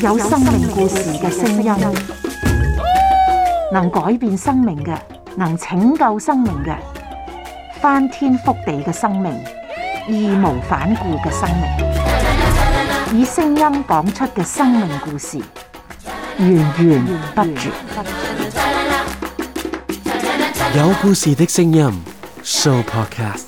有生命故事嘅聲音，能改變生命嘅，能拯救生命嘅，翻天覆地嘅生命，義無反顧嘅生命，以聲音講出嘅生命故事，源源不絕。有故事嘅聲音，Show Podcast。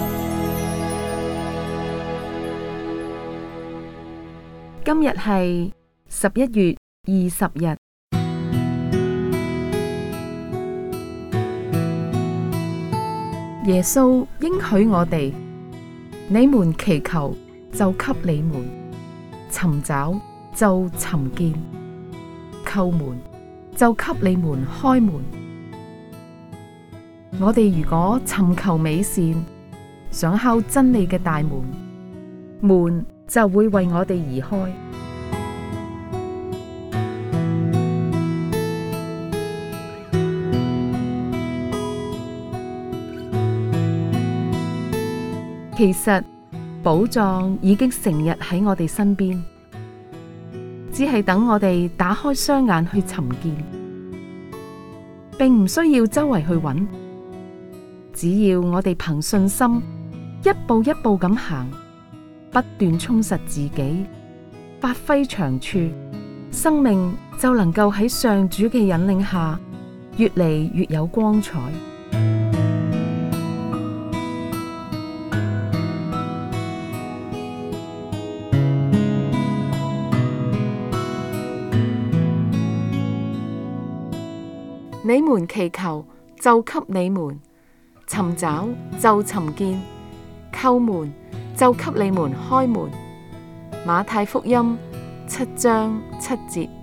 今日係十一月二十日。耶穌應許我哋：你們祈求就，就給你們；尋找，就尋見；叩門，就給你們開門。我哋如果尋求美善，想敲真理嘅大門，門。就會為我哋而開。其實寶藏已經成日喺我哋身邊，只係等我哋打開雙眼去尋見，並唔需要周圍去揾。只要我哋憑信心，一步一步咁行。不斷充實自己，發揮長處，生命就能夠喺上主嘅引領下，越嚟越有光彩。你們祈求就給你們，尋找就尋見，叩門，就給你們開門，馬太福音七章七節。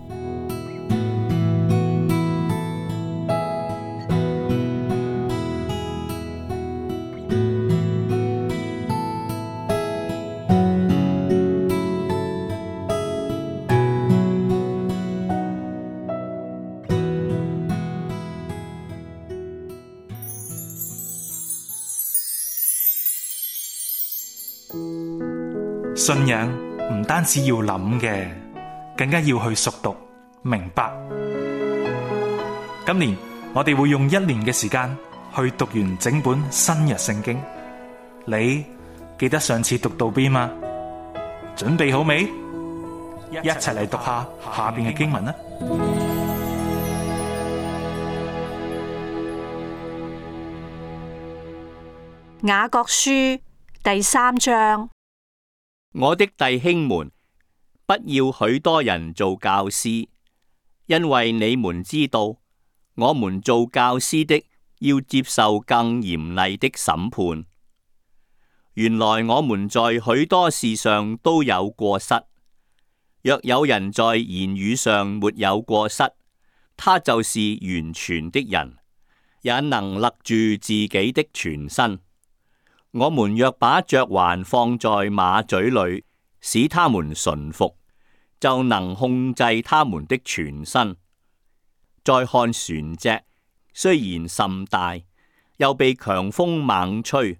信仰唔單止要諗嘅，更加要去熟讀明白。今年我哋會用一年嘅時間去讀完整本新約聖經。你記得上次讀到邊嗎？準備好未？一齊嚟讀下下邊嘅經文啦！雅各書第三章。我的弟兄們，不要許多人做教師，因為你們知道，我們做教師的要接受更嚴厲的審判。原來我們在許多事上都有過失。若有人在言語上沒有過失，他就是完全的人，也能勒住自己的全身。我們若把嚼環放在馬嘴裏，使它們馴服，就能控制它們的全身。再看船隻，雖然甚大，又被強風猛吹，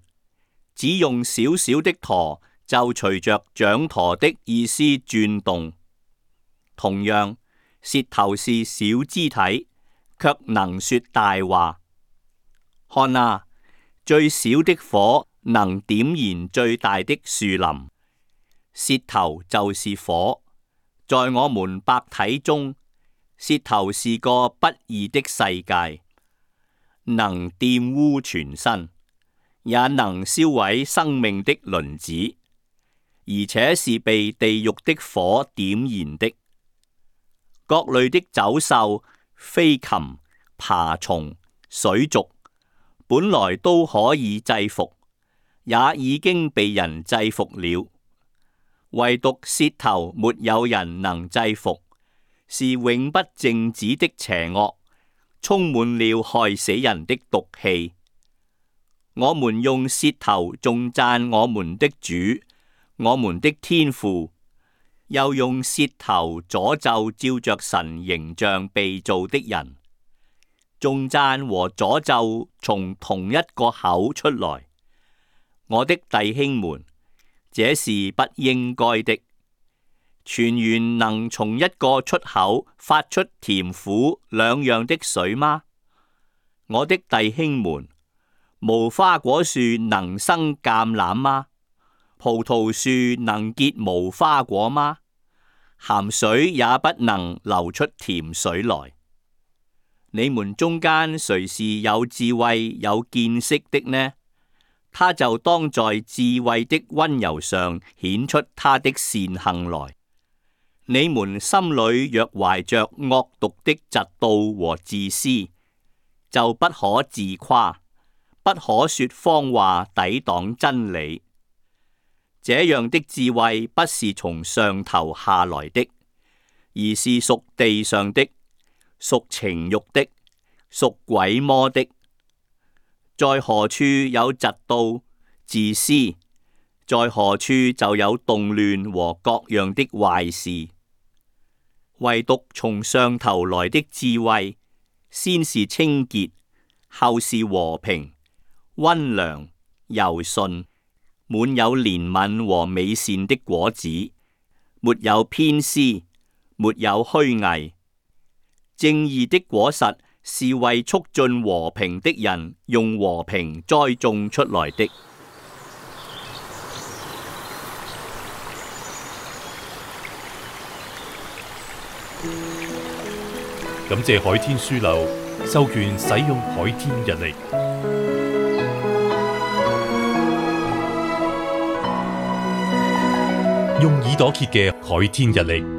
只用小小的舵，就隨着掌舵的意思轉動。同樣，舌頭是小肢體，卻能說大話。看啊，最小的火。能點燃最大的樹林，舌頭就是火。在我們百體中，舌頭是個不義的世界，能玷污全身，也能銷毀生命的輪子，而且是被地獄的火點燃的。各類的走獸、飛禽、爬蟲、水族，本來都可以制服。也已經被人制服了，唯獨舌頭沒有人能制服，是永不靜止的邪惡，充滿了害死人的毒氣。我們用舌頭重讚我們的主，我們的天父，又用舌頭詛咒照着神形象被造的人，重讚和詛咒從同一個口出來。我的弟兄們，這是不應該的。泉源能從一個出口發出甜苦兩樣的水嗎？我的弟兄們，無花果樹能生橄欖嗎？葡萄樹能結無花果嗎？鹹水也不能流出甜水來。你們中間誰是有智慧、有見識的呢？他就當在智慧的溫柔上顯出他的善行來。你們心裏若懷着惡毒的嫉妒和自私，就不可自誇，不可說謊話，抵擋真理。這樣的智慧不是從上頭下來的，而是屬地上的，屬情欲的，屬鬼魔的。在何處有嫉妒、自私，在何處就有動亂和各樣的壞事。唯獨從上頭來的智慧，先是清潔，後是和平、溫良、柔順，滿有憐憫和美善的果子，沒有偏私，沒有虛偽，正義的果實，是為促進和平的人，用和平栽種出來的。感謝海天書樓，授權使用海天日曆，用耳朵揭嘅海天日曆。